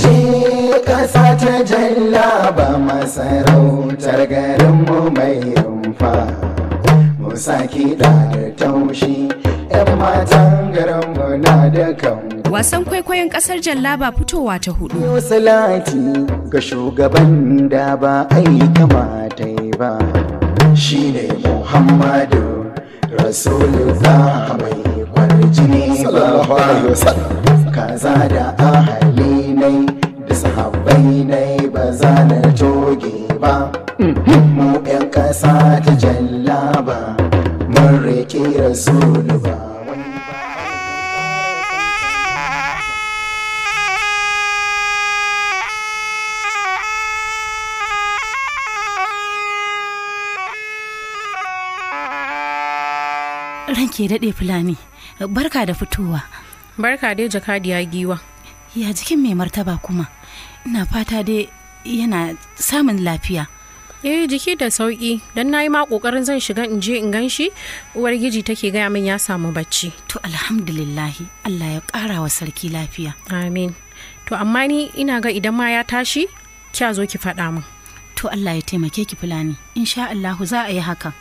je ƙasa ta jalla ba masarautar garinmu mai rumfa musa kiɗa da taushi 'yan matan garinmu na da kan wasan kwaikwayon kasar jallaba fitowa ta hudu. salati ga shugaban da ba ai kamata ba shi ne muhammadu rasulullah mai kwarjini ba kaza da ahali nai da sahabbai nai ba za na toge ba mu yan ƙasa ta jalla ba mun riƙe rasulu ba ranke daɗe fulani barka da fitowa barka dai jakadiya giwa ya jikin mai martaba kuma ina fata dai yana samun lafiya eh jiki da sauki don na yi ma kokarin zan shiga in je in gan shi uwar giji take gaya min ya samu bacci to alhamdulillahi allah ya kara wa sarki lafiya amin to amma ni ina ga idan ma ya tashi kya zo ki faɗa min to allah ya taimake ki fulani insha allahu za a yi haka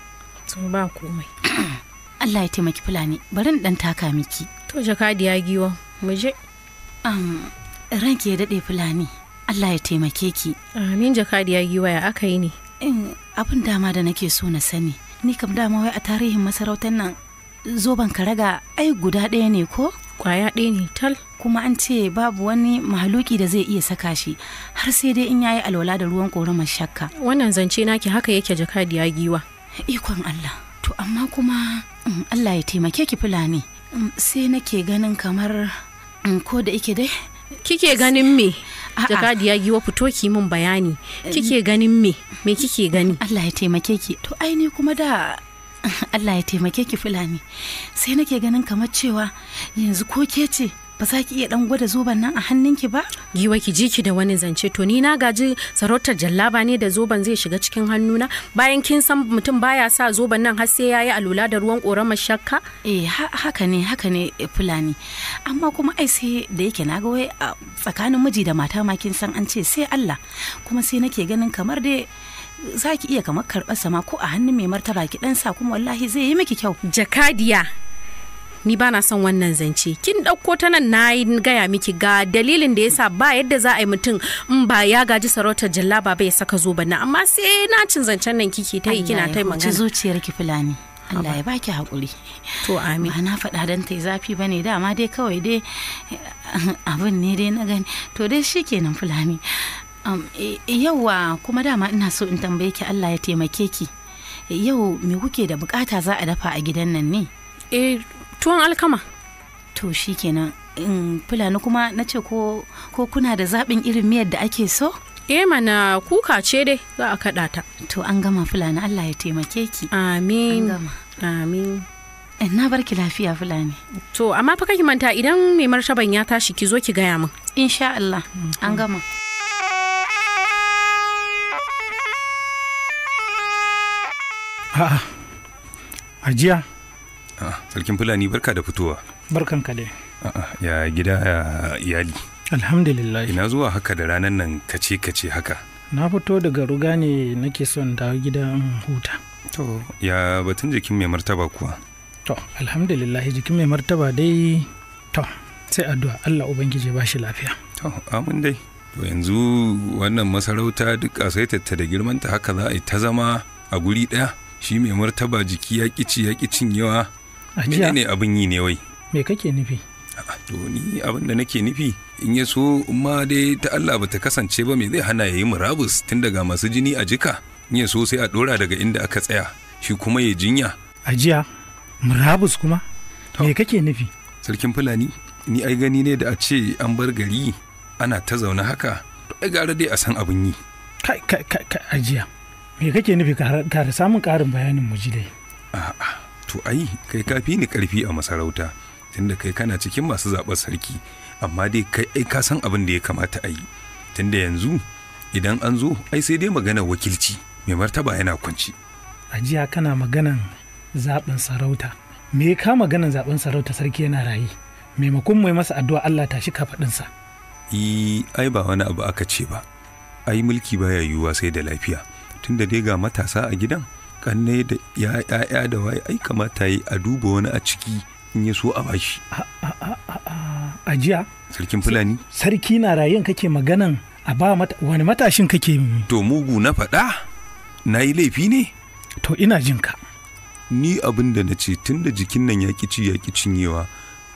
to ba komai allah ya taimaki fulani bari in dan taka miki to jakadiya giwa mu je Um, ranki ya daɗe fulani Allah ya taimake ki. Amin jakadiya giwaya aka yi ne. Abin dama da nake so na sani. Ni kam dama wai a tarihin masarautar nan zoben karaga ai guda ɗaya ne ko? Kwaya ɗaya ne tal. Kuma an ce babu wani mahaluki da zai iya saka shi har sai dai in yayi alwala da ruwan ƙoramar shakka. Wannan zance naki haka yake jakadiya giwa. Ikon Allah. To amma kuma Allah ya taimake ki fulani. Sai nake ganin kamar Mm, ko da ike dai kike ganin me ya giwa fito ki mun bayani kike ganin me me kike gani Allah ya taimake ki to ai kuma da Allah ya taimake ki fulani sai nake ganin kamar cewa yanzu ko ke ce ba za ki iya dan gwada zoben nan a hannunki ba? Giwa ki ji ki da wani zance to ni na gaji sarautar jallaba ne da zoben zai shiga cikin hannuna bayan kin san mutum baya sa zoben nan har sai yayi alula da ruwan korama shakka? Eh haka ne haka ne eh, fulani amma kuma ai sai da yake na ga wai tsakanin miji da mata ma kin san an ce sai Allah kuma sai nake ganin kamar dai za ki iya kamar karɓar sama ko a hannun mai martaba ki dan sa kuma wallahi zai yi miki kyau. Jakadiya ni ba na son wannan zance kin dauko ta nan na yi gaya miki ga dalilin da yasa ba yadda za a yi mutum in ba ya gaji sarautar jallaba ba ya saka zoben na amma sai na cin zancen nan kike ta yi kina ta magana zuciyar ki fulani Allah ya baki hakuri. To amin. Ba na faɗa don ta zafi ba ne dama dai kawai dai abin ne dai na gani. To dai shi kenan fulani. Um, e, e, yawa kuma dama ina so in tambaye ki Allah ya taimake ki. E, yau me kuke da bukata za a dafa a gidan nan ne? Eh tuwon alkama to shikenan in fulani kuma na ce ko kuna da zaɓin irin miyar da ake so e mana kuka ce dai za a kaɗa ta to an gama fulani allah ya taimake ki amin amin eh, na barki lafiya fulani to amma fa kai manta idan mai martaban ya tashi ki zo ki gaya min insha allah an gama a'a ajiya Ah, sarkin fulani barka da fitowa barkan ka dai ah, ah, ya gida ya iyali alhamdulillah ina zuwa haka da ranar nan kace kace haka na fito daga ruga ne nake son dawo gida huta to ya batun jikin mai martaba kuwa to alhamdulillah jikin mai martaba dai to sai addu'a Allah ubangiji ba shi lafiya to amin dai to yanzu wannan masarauta duk a saitata da girmanta haka za a yi ta zama a guri ɗaya shi mai martaba jiki ya ƙici ya ƙicin yawa ajiya ne abin yi ne wai? Me kake nufi? To ni abin da nake nufi in ya so ma dai ta Allah ba ta kasance ba me zai hana ya yi murabus tun daga masu jini a jika in ya so sai a dora daga inda aka tsaya shi kuma ya jinya. Ajiya murabus kuma? Me kake nufi? Sarkin Fulani ni ai gani ne da a ce an bar gari ana ta zaune haka to ai gara dai a san abin yi. Kai kai kai ajiya me kake nufi ka samun ƙarin bayanin mu ji dai. A'a. to ai kai kafi ni karfi a masarauta tunda kai kana cikin masu zaɓar sarki amma dai kai ai ka san abin da ya kamata a yi tunda yanzu idan an zo ai sai dai magana wakilci mai martaba yana kwanci jiya kana maganan zaɓin sarauta me ka maganan zaɓin sarauta sarki yana rayi maimakon mai masa addu'a Allah tashi kafaɗinsa ai ba wani abu aka ce ba ai mulki baya yiwuwa sai da lafiya tunda dai ga matasa a gidan kanne da ya'ya da waye ai kamata yi a duba wani a ciki in ya so a bashi a jiya sarkin fulani sarki na rayen kake maganan a ba wani matashin kake to mugu na faɗa na yi laifi ne to ina jin ka ni abin da na ce tun da jikin nan ki ci ki cinyewa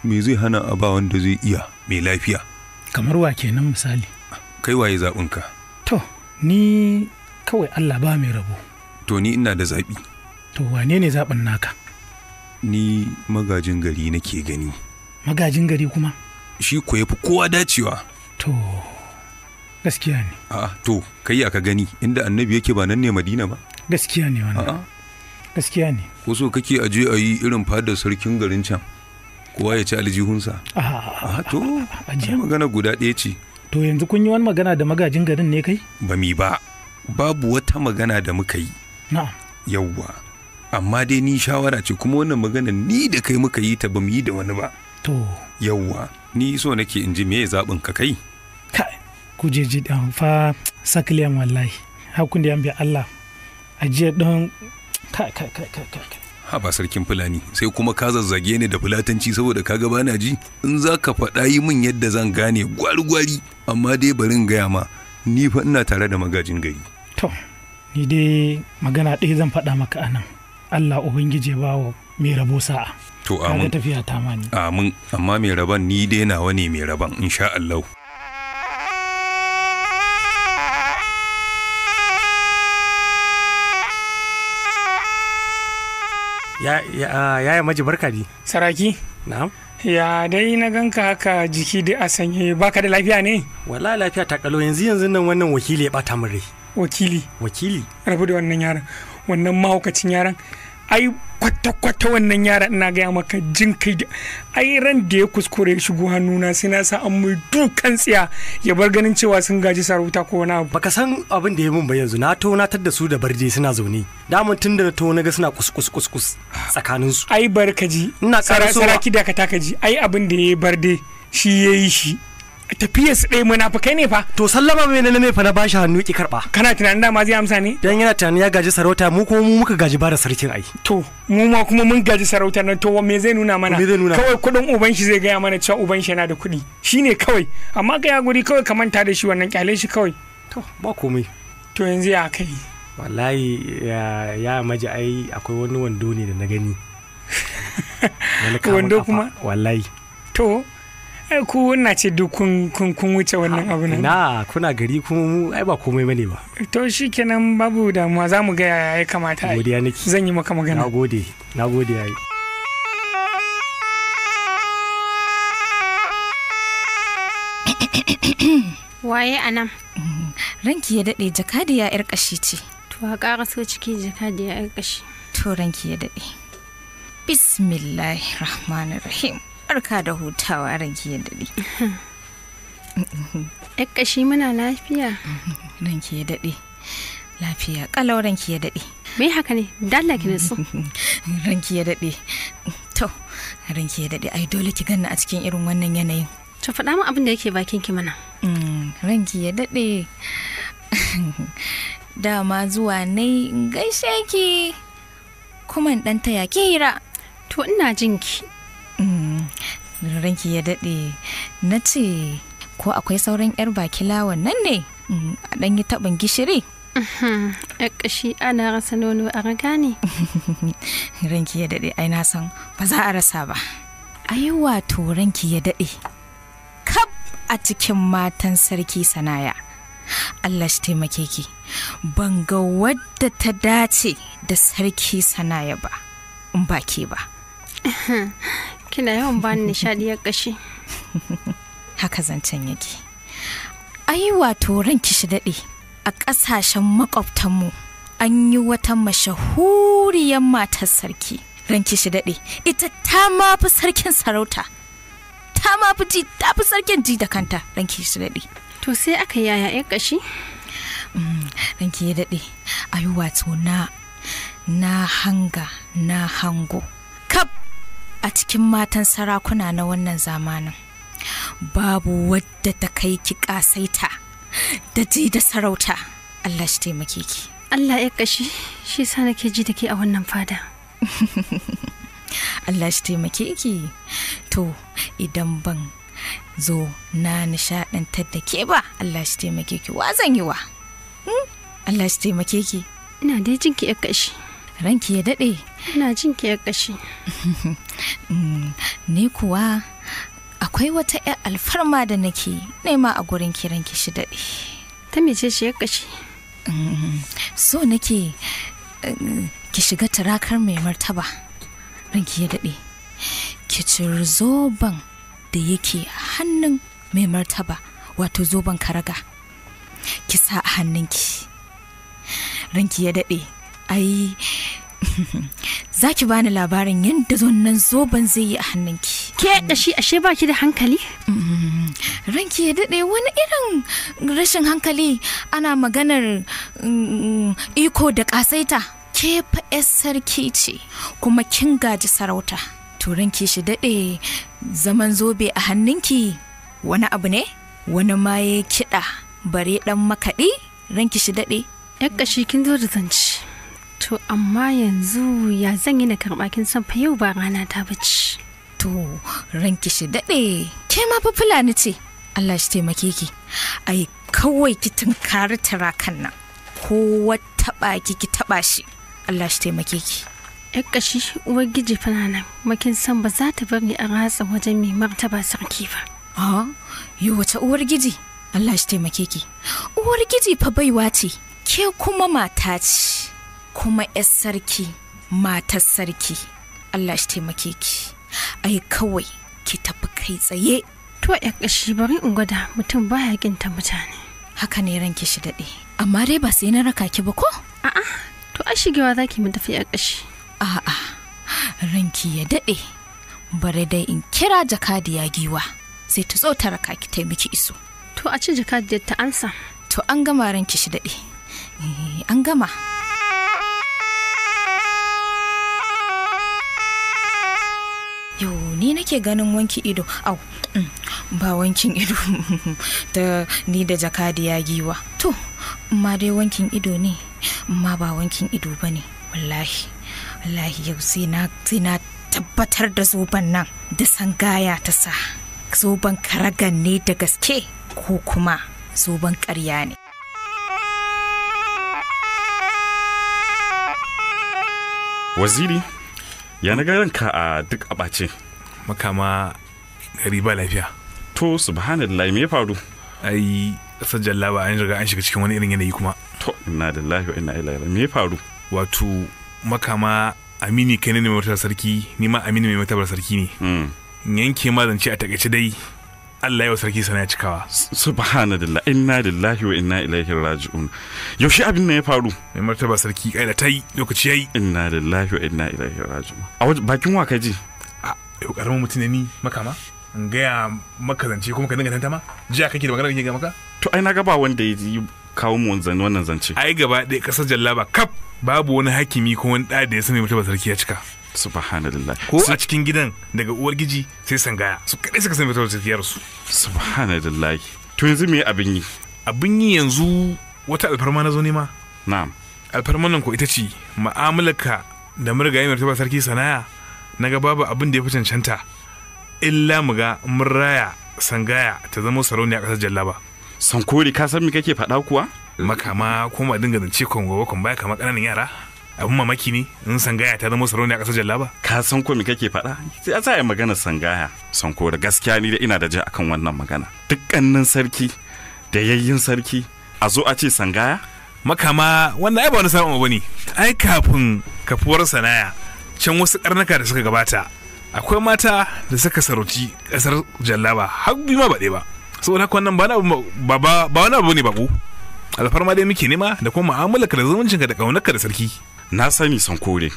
me zai hana a ba wanda zai iya mai lafiya kamar wa kenan misali kai waye zaɓinka to ni kawai allah ba mai rabo to ni ina da zaɓi to wane ne zaɓin naka ni magajin gari nake gani magajin gari kuma shi ko fi kowa dacewa to gaskiya ne a to kai aka gani inda annabi yake ba nan ne madina ba gaskiya ne wannan gaskiya ne ko so kake aje a yi irin fadar sarkin garin can kowa ya ci aljihunsa a to magana guda ɗaya ce to yanzu kun yi wani magana da magajin garin ne kai ba mi ba babu wata magana da muka yi yawwa amma dai ni shawara ce kuma wannan magana ni da kai muka yi ta bamu yi da wani ba to yawwa ni so nake in ji me zaɓin ka kai kujeji dan fa sakliyan wallahi hakun da yambe Allah ajiyar don kai ka ka ka ha ba sarkin fulani sai kuma ka zazzage ni da fulatanci saboda ka ga bana ji in za ka faɗa yi min yadda zan gane gwari-gwari amma dai bari in gaya ma ni fa ina tare da magajin gari to ni dai magana ɗaya zan faɗa maka anan allah ubangiji ya bawa mai rabo sa'a to amin tafiya ta mani amin amma mai raban ni dai nawa ne mai raban insha allah ya ya maji barka di saraki na'am ya dai na ganka haka jiki da a sanye baka da lafiya ne wala lafiya ta kalo yanzu yanzu nan wannan wakili ya bata min rai wakili wakili rabu da wannan yaran wannan mahaukacin yaran ai kwata-kwata wannan yaran na gaya maka jin kai da ai ran da ya kuskure ya shigo hannuna sai na sa an mai dukan tsiya ya bar ganin cewa sun gaji sarauta ko wani abu baka san abin da ya mun ba yanzu na tonatar da su da barje suna zaune damun tun da na tona ga suna kuskus kuskus tsakanin su ai ji ina saraki da ka ji ai abin da ya barde shi yayi shi tafiya su ɗaya kai ne fa to sallama mai na mai fa na bashi hannu ki karɓa. kana tunanin dama zai amsa ne dan yana tunanin ya gaji sarauta mu kuma mu muka gaji bara sarkin ai to mu ma kuma mun gaji sarauta nan to me zai nuna mana kawai kuɗin uban shi zai gaya mana cewa uban shi yana da kuɗi Shi ne kawai amma ga ya guri kawai ka manta da shi wannan kyale shi kawai to ba komai to yanzu ya kai wallahi ya ya maji ai akwai wani wando ne da na gani wando kuma wallahi to ai ku wannan ce duk kun wuce wannan abu ne na kuna gari kuma mu ai ba komai bane ba to shikenan babu damuwa za mu ga yaya ya kamata godiya nake zan yi maka magana nagode nagode ai waye anan mm, ranki ya dade jakadiya yar kashi ce to a ƙara so ciki jakadiya yar kashi to ranki ya dade bismillahir rahmanir barka da hutawa ranki ya daɗe. Yar ƙashi muna lafiya. Ranki ya daɗe. Lafiya ƙalau ranki ya daɗe. Me haka ne? Dalla ki nutsu. Ranki ya daɗe. To, ranki ya daɗe. Ai dole ki ganna a cikin irin wannan yanayin. To faɗa mu abin da yake bakin ki mana. Mm, ranki ya daɗe. Dama zuwa nai gaishe ki. Kuma ɗan taya ki hira. To ina jin ki. Mm. ranki ya daɗe na ce ko akwai sauran 'yar lawan nan ne mm. a ɗan yi taɓin gishiri mhm. ƙashi ana rasa nono a raga ne ranki ya daɗe ai na san ba za a rasa ba ai wato ranki ya daɗe kab a cikin matan sarki sanaya Allah shi taimake ki ban ga wadda ta dace da sarki sanaya ba in ba ke ba mhm. kina yawan bani nishadi ya kashe haka zancen yake ai wato ranki shi daɗe a ƙasashen maƙwabtanmu an yi wata mashahuriyar matar sarki ranki shi daɗe ita ta ma fi sarkin sarauta ta ma fi ji ta fi sarkin ji da kanta ranki shi daɗe to sai aka yaya ya kashi mm, ranki ya daɗe ai wato na na hanga na hango a cikin matan sarakuna na wannan zamanin babu wadda ta kai ki kasaita da ji da sarauta Allah shi taimake ki Allah ya kashi shi sa nake ji da ke a wannan fada Allah shi taimake ki to idan ban zo na nishadantar da ke ba Allah shi taimake ki wa zan yi wa hmm? Allah shi taimake ki ina dai jinki ya kashi ranki ya daɗe ina jin ke kashi mm, ni kuwa akwai wata 'yar alfarma da nake nema a gurin kiran ki shi daɗe ta mece shi ya kashi mm, so nake mm, ki shiga tarakar mai martaba ranki ya daɗe ki ci zoben da yake hannun mai martaba wato zoben karaga ki sa a hannunki ranki ya daɗe ai za ki bani labarin yadda zonnan zoben zai yi a hannunki. Ke da shi ashe ba da hankali? Mm-hmm. Ranki ya daɗe wani irin rashin hankali ana maganar mm, iko da ƙasaita. Ke sarki ce kuma kin gaji sarauta. Turanki shi daɗe zaman zobe a hannunki wani abu ne? Wani maye kiɗa bare ɗan makaɗi ranki shi daɗe. Yakka shi kin zo da zanci. to amma yanzu ya zan yi na karɓa kin san fa yau ba rana ta bace to ranki shi daɗe ke ma fa fulani ce Allah shi taimake ki ai kawai ki tunkari tarakan nan Ko wata baki ki taɓa shi Allah shi taimake ki yar ƙashi uwar giji fana nan makin san ba za ta bari a ratsa wajen mai martaba sarki ba a yi wata uwar giji Allah shi taimake ki uwar fa baiwa ce ke kuma mata ce kuma 'yar sarki matar sarki Allah shi taimake ki ai kawai ki tafi kai tsaye to a ƙashi bari in gwada mutum baya ƙinta mutane haka ne ranki shi daɗe amma dai ba sai na raka ki ba ko a'a to a shigewa zaki mu tafi ya ƙashi. a'a ranki ya daɗe bare dai in kira jakadiya giwa sai ta tso ta raka ki taimaki iso to a ci jakadiyar ta ansa to an gama ranki shi daɗe eh, an gama yau ni nake ganin wanki ido au mm, ba wankin ido ta ni da jakadiya giwa to ma dai wankin ido ne ma ba wankin ido ba ne wallahi wallahi yau sai na tabbatar da zoben nan da sangaya ta sa zoben karagan ne da gaske ko kuma zoben karya ne waziri ya na ranka a duk a ɓace. makama gari ba lafiya to subhanallah me ya faru ai kasar jallaba an riga an shiga cikin wani irin yanayi kuma to inna da lafiya inna ilaihi me ya faru wato makama amini kai ne mai matabar sarki ni ma amini mai matabar sarki ne hmm. yanke ma zance a takaice dai Allah ya sarki sana ya cikawa. Subhanallah inna lillahi wa inna ilaihi raji'un. Yaushe abin nan ya faru? Mai martaba sarki kai da tai lokaci yayi. Inna lillahi wa inna ilaihi raji'un. A bakin wa kaji? A yau karamin mutum ne ni makama. In gaya maka zance kuma ka dinga tantama? Jiya kake da magana kake ga maka? To ai na ga ba wanda ya kawo mu wannan zance. Ai gaba ɗaya kasar Jallaba kaf babu wani hakimi ko wani ɗa da ya sani mutum sarki ya cika. subhanallah ko a cikin gidan daga uwar giji sai sangaya su kadai suka san fitar tafiyar su subhanallah to yanzu me abin yi abin yi yanzu wata alfarma na zo nema na'am alfarman nan ko ita ce ma'amalarka da murgaye martaba sarki sanaya na ga babu abin da ya fi cancanta illa mu ga mun raya sangaya ta zama sarauniya ƙasar jallaba sankori ka san me kake faɗa kuwa makama kuma dinga zance kon gobe kon baya kamar ƙananan yara abin mamaki ne in sangaya ta zama sarauni a ƙasar jallaba ka san ko me kake faɗa sai ya sa magana sangaya sanko da gaskiya ni da ina da ji akan wannan magana dukkanin sarki da yayyin sarki a zo a ce sangaya makama wannan ai ba wani sabon ne. ai kafin kafuwar sanaya can wasu karnaka da suka gabata akwai mata da suka sarauci ƙasar jallaba har biyu ma ba ɗaya ba saboda haka wannan ba wani abu ne bako alfarma dai muke nema da kuma mu'amalarka da zumuncinka da ƙaunarka da sarki na sani san kore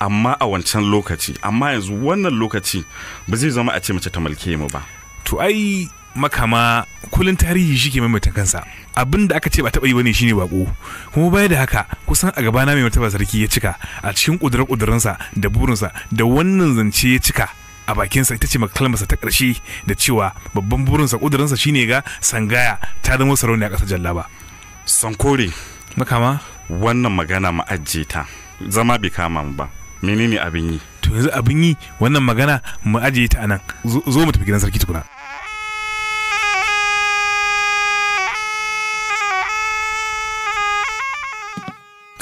amma a wancan lokaci amma yanzu wannan lokaci ba zai zama a ce mace ta malke mu ba to ai makama kullun tarihi shi ke maimaita kansa abin da aka ce ba taɓa yi bane shine bako kuma baya da haka kusan a gabana mai mutaba sarki ya cika a cikin ƙudurar kudurinsa da burinsa da wannan zance ya cika a bakinsa ita ce kalmarsa ta ƙarshe da cewa babban burinsa ƙudurinsa shine ga sangaya ta zama sarauniya ƙasar jallaba sankore makama wannan magana mu ajiye ta zama bai kama mu ba menene abin yi to yanzu abin yi wannan magana mu ajiye ta anan zo mu tafi gidan sarki tukuna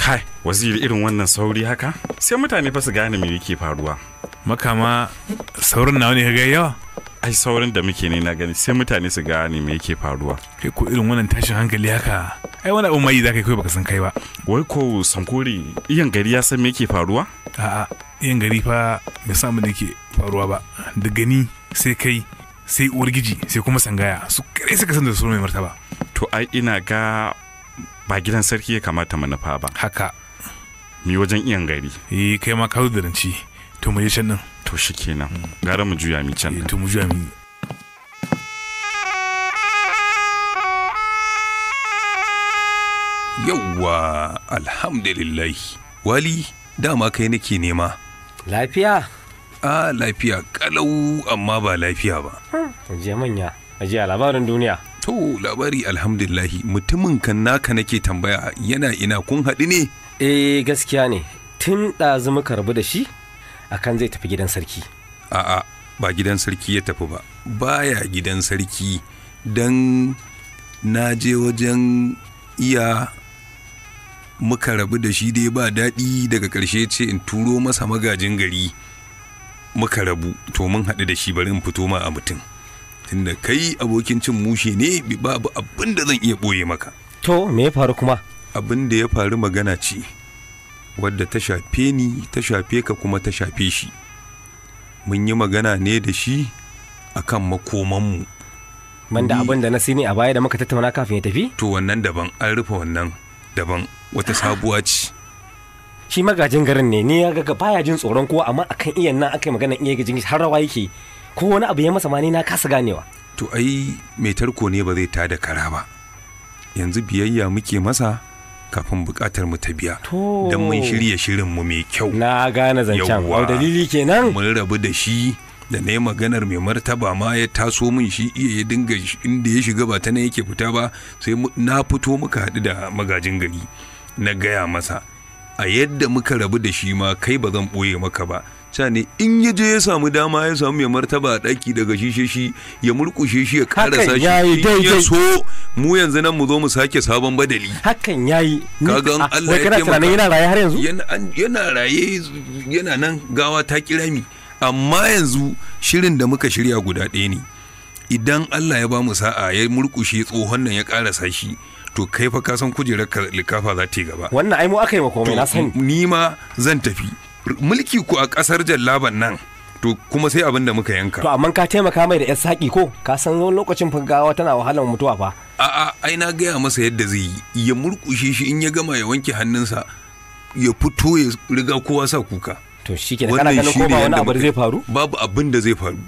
kai waziri irin wannan sauri haka sai mutane fa su gane me yake faruwa makama saurin nawa ne ga yawa ai saurin da muke ne na gani sai mutane su gane me yake faruwa kai ko irin wannan tashin hankali haka ai wani abin mai ka kai baka san kai ba wai ko sankori iyan gari ya san me yake faruwa a'a iyan gari fa bai san me yake faruwa ba da gani sai kai sai uwargiji sai kuma sangaya su kare suka san da su mai martaba to ai ina ga ba gidan sarki ya kamata manufa ba haka mi wajen iyan gari eh kai ma ka zo da ranci to mu je can nan to shikenan gara mu juya mi can eh, to mu juya mi Yawwa, alhamdulillah. Wali, dama kai nake nema. Lafiya? A lafiya kalau amma ba lafiya ba. Ajiye manya, aje labarin duniya. To, labari alhamdulillahi mutumin kan naka nake tambaya yana ina kun haɗu ne? Eh gaskiya ne, tun ɗazu muka rabu da shi akan zai tafi gidan sarki. A'a, ba gidan sarki ya tafi ba, baya gidan sarki don na je wajen iya muka rabu da shi dai ba daɗi daga ƙarshe ce in turo masa magajin gari muka rabu to mun haɗu da shi bari in fito ma a mutum tunda kai abokin cin mushe ne bi babu abin da zan iya ɓoye maka to me ya faru kuma abin da ya faru magana ce wadda ta shafe ni ta shafe ka kuma ta shafe shi mun yi magana ne da shi akan makomanmu banda abin da na sini a baya da muka tattauna kafin ya tafi to wannan daban an rufe wannan daban wata sabuwa ce shi magajin garin ne ni ya ga baya jin tsoron kowa amma akan iyan nan aka yi magana iya gajin har rawa yake ko wani abu ya masa ma na kasa ganewa to ai mai tarko ne ba zai ta da kara ba yanzu biyayya muke masa kafin bukatar mu ta biya don mun shirya shirin mu mai kyau na gane zancen dalili kenan mun rabu da shi da na yi maganar mai martaba ma ya taso min shi iya ya dinga inda ya shiga ba ta nan yake fita ba sai na fito muka haɗu da magajin gari na gaya masa a yadda muka rabu da shi ma kai ba zan ɓoye maka ba sani in ya je ya samu dama ya samu mai martaba a ɗaki daga shishe shi ya murkushe shi ya ƙara sashi ya so mu yanzu nan mu zo mu sake sabon badali hakan yayi kaga an ah, Allah ya taimaka yana raye har yanzu yana raye yana nan gawa ta kirami amma yanzu shirin da muka shirya guda ɗaya ne idan Allah ya ba mu sa'a ya murkushe tsohon nan ya karasa shi to kai fa ka san kujerar likafa za ta gaba wannan ai mu aka yi wa komai na sani ni ma zan tafi mulki ku a kasar jallaban nan to kuma sai abin da muka yanka to amma ka taimaka mai da yar saki ko ka san wani lokacin gawa tana wahalar mutuwa fa a'a ai na gaya masa yadda zai yi ya murkushe shi in ya gama ya wanke hannunsa ya fito ya riga kowa sa kuka to shi ke kana ganin ko ba wani abu zai faru babu abin da zai faru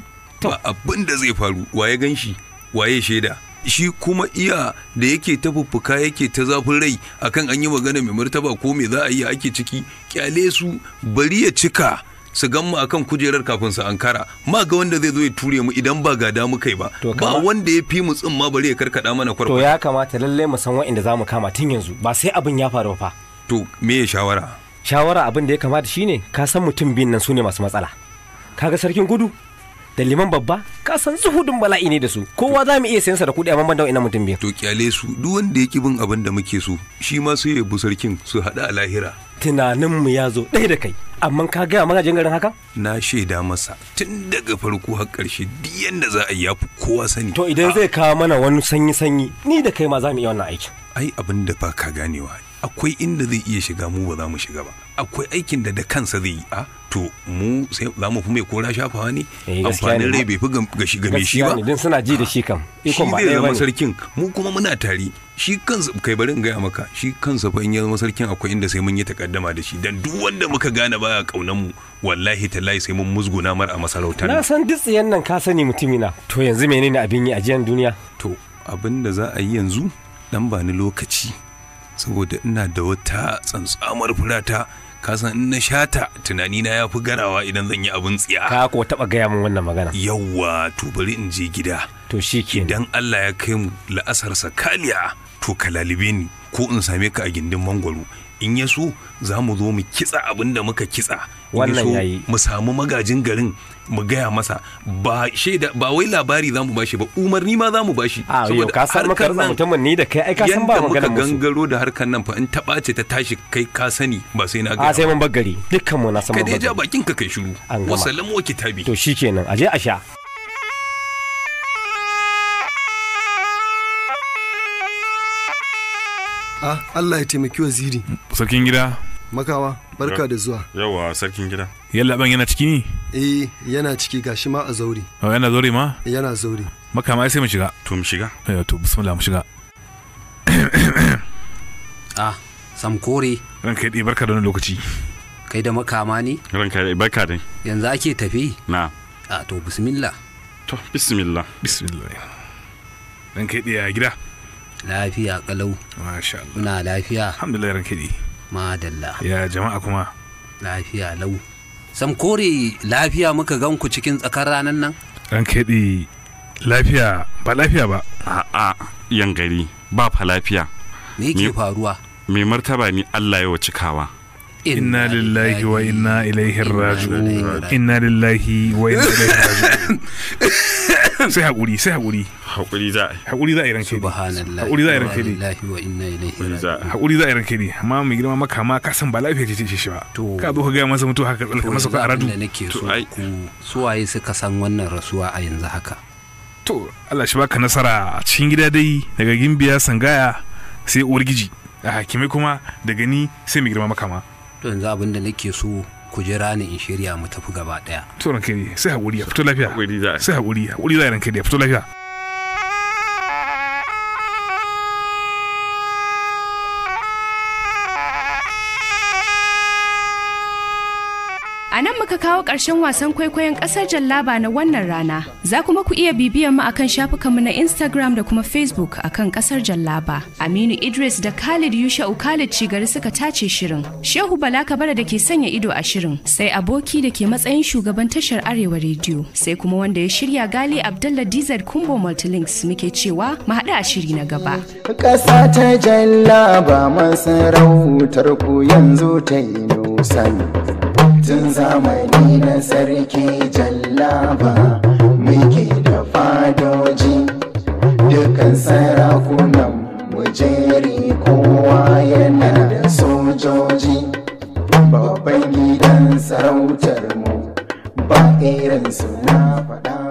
ba abin da zai faru waye ganshi waye shaida shi kuma iya da yake ta fuffuka yake ta zafin rai akan an yi magana mai martaba ko me za a yi ake ciki kyale su bari ya cika su gan mu akan kujerar kafin su ankara ma ga wanda zai zo ya ture mu idan ba ga damu kai ba ba wanda ya fi mu tsin ma bari ya karkada mana kwarkwata to ya kamata lallai mu san wa'inda za mu kama tun yanzu ba sai abin ya faru fa to me ya shawara shawara abin da ya kamata shine ka san mutum biyun nan su ne masu matsala Ka ga sarkin gudu da liman babba ka san zuhudun bala'i ne da su kowa za mu iya sayan sa da kuɗi a mamban ina mutum biyun. to kyale su duk wanda ya bin abin da muke so shi ma sai ya sarkin su haɗu a lahira tunanin mu ya zo ɗaya da kai amma ka gaya jin garin haka na shaida masa tun daga farko har ƙarshe duk yanda za a yi ya kowa sani to idan zai kawo mana wani sanyi sanyi ni da kai ma za mu iya wannan aikin ai abin da ba ka ganewa akwai inda zai iya shiga mu ba za mu shiga ba akwai aikin da da kansa zai yi a to mu sai za mu fi mai kora shafawa ne eh, amfanin rai bai fi ga shiga game shi ba don suna ji da shi kan ikon ba ɗaya bane sarkin mu kuma muna tari shi kansa kai bari in gaya maka shi kansa fa in yi sarkin akwai inda sai mun yi takaddama da shi dan duk wanda muka gane baya kaunan mu wallahi tallahi sai mun musguna mar a masarautar na san dutsiyan nan ka sani mutumina to yanzu menene abin yi a jiyan duniya to abin da za a yi yanzu dan bani lokaci saboda ina da wata tsantsamar furata kasan in na shata tunani na ya fi garawa idan zan yi abin tsiya ka ko taba gaya min wannan magana yawwa to bari in je gida to shi idan Allah ya kai mu la'asar kaliya. to ka lalibe ni ko in same ka a gindin mangwaro in ya so za mu zo mu kitsa abin da muka kitsa wannan yayi mu samu magajin garin mu gaya masa ba shaida ba wai labari za mu bashi ba umarni ma za mu bashi saboda ka san maka mutumin ni da kai ai ka san ba mu ga gangaro da harkan nan fa in ta bace ta tashi kai ka sani ba sai na ga sai mun baggari dukkan mu na san mun kai ja bakin ka kai shiru wasallamu wa kitabi to shikenan aje a sha Ah, Allah ya taimaki waziri. Sarkin gida. Makawa. barka da zuwa yawa sarkin gida ban yana ciki ne eh yana ciki gashi ma a zauri oh yana zauri ma yana zauri makama sai mu shiga to mu shiga eh to bismillah mu shiga ah samkore kai dai barka da wannan lokaci kai da makama ne kai dai barka dai yanzu ake tafi na a ah, to bismillah to bismillah bismillah kai dai ya gida lafiya kalau masha Allah ina lafiya alhamdulillah kai dai madalla ya jama'a kuma lafiya lau sam kore lafiya muka gan ku cikin tsakar ranar nan an keɗi lafiya ba lafiya ba a'a yan gari ba fa lafiya me yake faruwa me martaba ni Allah ya wa cikawa inna lillahi wa inna ilaihi raji'un inna lillahi wa inna ilaihi raji'un sai hakuri sai hakuri hakuri za a haƙuri za a yi ranke ne hakuri za a yi ranke ne hakuri za a yi ranke ne amma mai girma maka ma ka san ba lafiya ce ce shi ba ka zo ka gaya masa mutu haka tsalka masa ka aradu to ai suwaye suka san wannan rasuwa a yanzu haka to Allah shi baka nasara a cikin gida dai daga gimbiya sangaya sai giji a hakimai kuma daga ni sai mai girma maka ma. to yanzu abin da nake so ku jira ni in shirya mu tafi gaba daya to ranka sai hakuri ya fito lafiya sai hakuri hakuri za ranka ya fito lafiya muka kawo ƙarshen wasan kwaikwayon ƙasar Jallaba na wannan rana. Za kuma ku iya bibiyar mu akan shafukanmu na Instagram da kuma Facebook akan ƙasar Jallaba. Aminu Idris da Khalid Yusha'u Khalid Cigari suka tace shirin. Shehu Bala Kabara da ke sanya ido a shirin. Sai aboki da ke matsayin shugaban tashar Arewa Radio. Sai kuma wanda ya shirya Gali Abdullah DZ Kumbo Multilinks muke cewa mu haɗu a shiri na gaba. Ƙasa ta Jallaba masarautar ku yanzu ta yi nusan. tun zamani na sarki jallaba muke da fadoji dukan sarakunan mujeri kowa yana da sojoji babban gidan sarautar mu ba irin su na faɗa